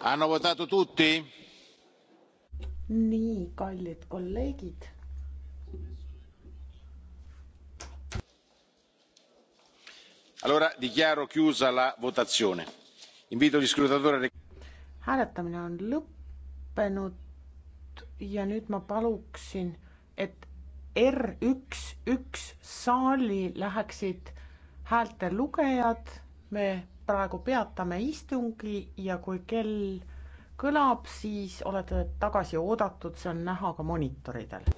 Hanno votato tutti? nii, kallid kolleegid. Allora dichiaro chiusa la votazione. Invito gli scrutatori. hääletamine on lõppenud ja nüüd ma paluksin, et R üks üks saali läheksid häälte lugejad, me praegu peatame istungi ja kui kell kõlab, siis olete tagasi oodatud, see on näha ka monitoridel.